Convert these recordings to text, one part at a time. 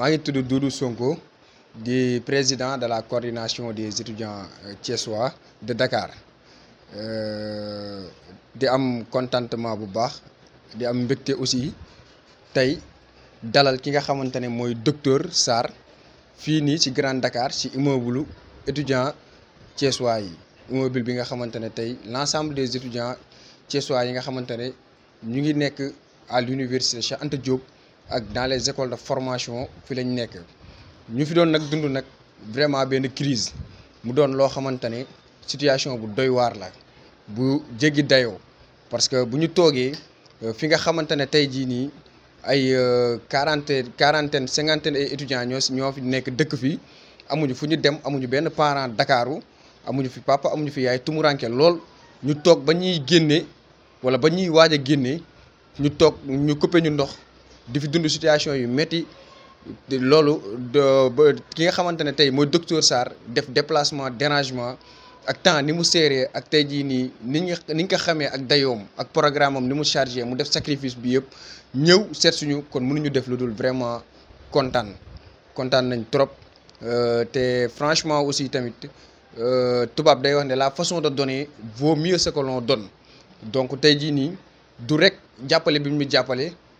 maa ngi tudd Doudou Sonko di président de la coordination des étudiants euh, thiessois de Dakar euh, di am contentement bu baax di am mbégte aussi tey dalal ki nga xamante ne mooy docteur Sarr ci Grand Dakar ci immeuble étudiant thiessois yi immeuble bi nga xamante ne tey lansam ensemble des étudiants thiessois yi nga xamante ne ñu ngi à Cheikh Anta Diop ak dans les écoles de formation fi lañ nek ñu fi doon nak dund nak vraiment ben crise mu doon lo xamante situation bu doy war la bu jéggi dayo parce que buñu togué euh, fi nga xamante ne tey jii nii ay euh, quarante quarantaine cinquantaine ay étudiants ñoo fi nek dëkk fi amuñu fuñu dem amuñu ben parent Dakaru amuñu fi papa amuñu fi yaay tumuranke lool ñu tok bañuy ñuy wala bañuy waja waaj ñu tok ñu couper ñu ndox di dund situation yu lolu de ki nga xamante tay tey docteur sar def déplacement dérangement ak temps ni mu séeree ak tay ji ni ñu ni ñu ko xamee ak dayom ak programme am ni mu chargé mu def sacrifice bi yépp ñew sét suñu kon mënuñu def lu vraiment content, content, nañ trop euh, té franchement aussi tamit euh, tubab day wax né la façon de donner vaut mieux ce que l'on donne donc tay ji ni du rek jappalé bi jappalé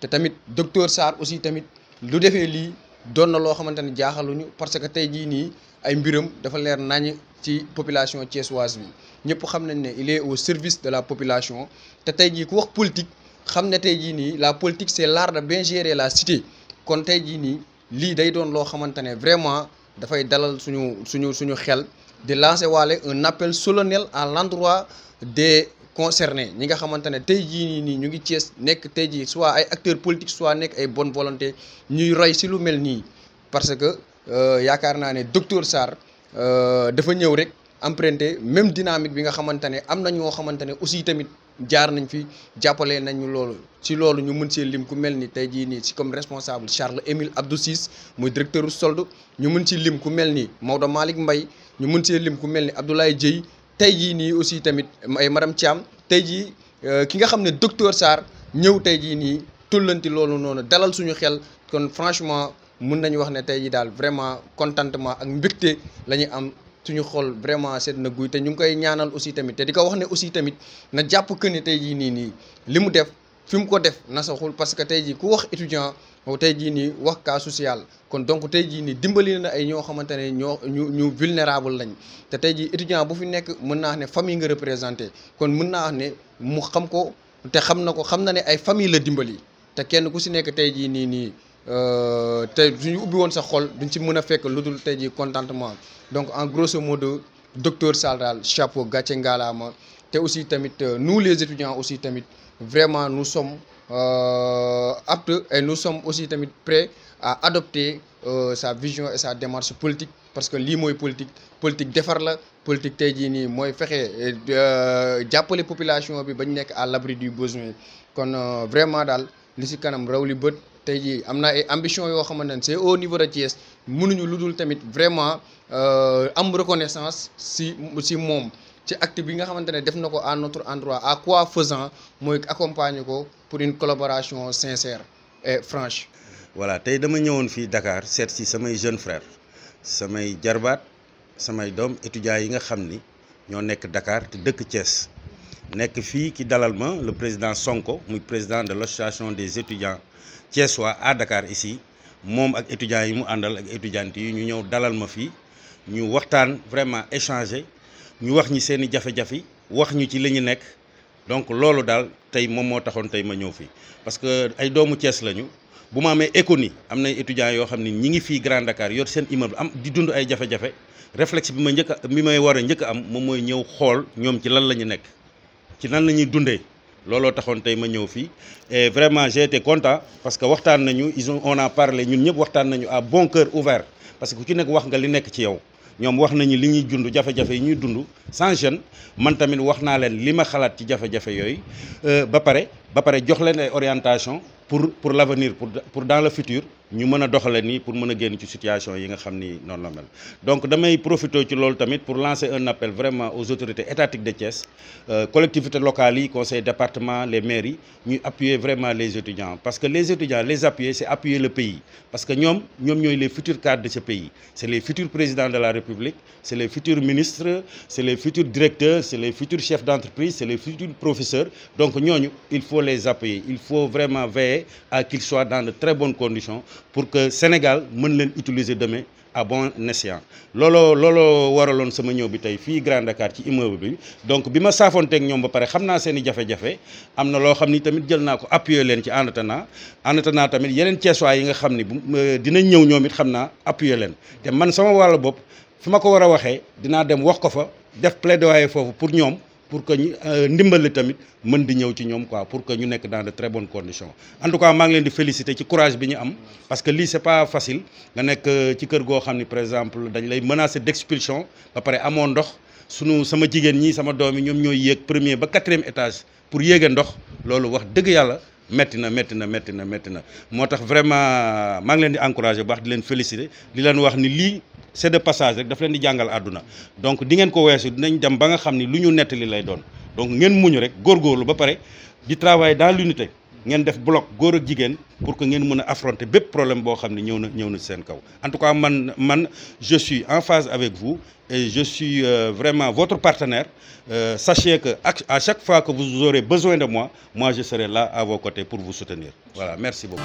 té tamit docteur sar aussi tamit lu défé li doon na loo xamante l'union parce que tey jii nii ay mbirum dafa leer nañ ci population thiessoise bi ñëpp xam nañ ne il est au service de la population té tey jii ku wax politique xam ne ni la politique c'est l'art de bien gérer la cité kon tey jii nii lii day doon lo xamante vraiment vraiment fay dalal suñu suñu suñu xel de lancer walé un appel solennel à l'endroit des concerné ñi nga xamante ne tey jii nii nii ñu ngi Thiès nekk tey jii soit ay acteurs politiques soit nekk ay bonne volonté ñuy roy si lu mel nii parce que euh, yaakaar naa ne docteur Sarr euh, dafa ñëw rek emprunté même dynamique bi nga xamante ne am na ñoo xamante ne aussi tamit jaar nañ fi jàppale nañ ñu loolu ci loolu ñu mën see lim ku mel ni tey jii nii ci comme responsable Charles Émile Abdou Ciss muy directeur solde ñu mën ci lim ku mel ni Maodo Malick mbay ñu mën see lim ku mel ni Abdoulaye Dieye tey jii nii aussi tamit ay madame Thiam tey jii euh, ki nga xam ne docteur Sarr ñëw tey jii nii tullanti loolu noonu dalal suñu xel kon franchement mun nañu wax ne tey jii daal vraiment contentement ak mbigte la ñuy am suñu xol vraiment seet na guy te ñu ngi koy ñaanal aussi tamit te di ko wax ne aussi tamit na jàpp que ne tey jii nii nii li mu def. fi ko def nasaxul parce que tey jii ku wax étudiant tey jii ni wax cas social kon donc tey jii nii dimbali na ay ño xamante ño ñu ñu vulnérable lañ té tey jii étudiant bu fi nekk mën na né ne famille nga représenter kon mën na wax ne mu xam ko té xam nako xam na né ay famille la dimbali té kenn ku si nekk tey ni ni euh te suñu ubbi won sa xol duñ ci mëna fekk luddul dul tey contentement donc en grosso modo docteur Saldal chapeau gatché ngaalaama té aussi tamit euh, nous les étudiants aussi tamit vraiment nous sommes euh, aptes et nous sommes aussi tamit prêts à adopter euh, sa vision et sa démarche politique parce que c'est est politique politique defar la politique tey moi nii mooy fexe euh, jàppale population bi à l'abri du besoin kon vraiment dans li si kanam raw li bët ambition c'est au niveau de Thiès mënuñu nous vraiment tamit vraiment am reconnaissance si si moom ci acte bi nga xamantene def nako à notre endroit à quoi faisant moy accompagner ko pour une collaboration sincère et franche. voilà tay dama ñëwoon à Dakar seet ci samay jeunes frères samay jarbaat samay dom étudiants yi nga xamni ni ñoo nekk Dakar te deuk Thiès nekk fi ki dalal ma le président Sonko muy président de l'association des étudiants thiessois à Dakar ici mom ak étudiants yi mu andal ak étudiantes yi ñu ñëw dalal ma fi ñu waxtaan vraiment échanger. ñu wax ñi seen i jafe-jafe wax ñu ci li ñu nekk donc loolu daal tey moom moo taxoon tey ma ñëw fii parce que ay doomu Thiès lañu bu ma amee école am na étudiants yoo xam ne ñi ngi fii Grand Dakar yor seen bi am di dund ay jafe-jafe réflexe bi ma njëkk a bi may war njëkk am moom mooy ñëw xool ñoom ci lan la ñu nekk ci nan la ñuy dundee looloo taxoon tey ma ñëw fii et vraiment j'ai été content parce que waxtaan nañu ils ont on a parlé ñun ñëpp waxtaan nañu à bon cœur ouvert que ci nekk wax nga li nekk ci yow. ñom wax nañu li dund dund sans gêne man tamit wax lima ci jafé euh, ba paré ba orientation pour pour l'avenir pour pour dans le futur nous mëna doxale pour situation yi donc damay profiter ci de tamit pour lancer un appel vraiment aux autorités étatiques de Thiès euh, collectivités locales conseils conseil département les mairies... ...pour appuyer vraiment les étudiants parce que les étudiants les appuyer c'est appuyer le pays parce que nous sommes les futurs cadres de ce pays c'est les futurs présidents de la République c'est les futurs ministres c'est les futurs directeurs c'est les futurs chefs d'entreprise c'est les futurs professeurs donc nous, il faut les appuyer il faut vraiment veiller à qu'ils soient dans de très bonnes conditions pour que Sénégal mën leen utiliser demain à bon escient Lolo lolo waralon sama ñëw bi tay fi Grand Dakar ci immeuble bi donc bima safonté ak ñom ba pare xamna naa seen jafé amna lo am na tamit jël nako appuyer leen ci en attendant en attendant tamit yeneen ceesuwaay yi nga xamni euh, dina ñëw ñoom appuyer leen man sama wàllu bop fima ko wara waxé dina dem wax ko fa def plaidoyer fofu pour ñom pour que ñu euh, ndimbal tamit mën di ñew ci ñom quoi pour que ñu nekk dans de très bonnes conditions en tout cas maa ngi leen di féliciter ci courage bi ñu am parce que li c'est pas facile nga nekk euh, ci kër go xamni par exemple dañ lay menacer d'expulsion ba paré amoo ndox suñu sama jigéen ñi sama doomi ñom ñoy ñooy premier ba quatrième étage pour yégué ndox lolu wax deug yalla metti na metti na metti na metti na motax vraiment maa ngi leen di encourager bu baax di leen féliciter di leen wax ni li c'est de passage rek daf leen di jangal aduna donc di ngeen ko weesu dinañ dem ba nga xamni luñu netti lay doon donc ngeen muñu rek góorgóorlu ba paré di travailler dans l'unité ngeen def bloc gor ak jigen pour que ngeen mëna affronter bép problème bo xamni ñëw na ñëw na seen kaw en tout cas man man je suis en phase avec vous et je suis euh, vraiment votre partenaire euh, sachez que à chaque fois que vous aurez besoin de moi moi je serai là à vos côtés pour vous soutenir voilà merci beaucoup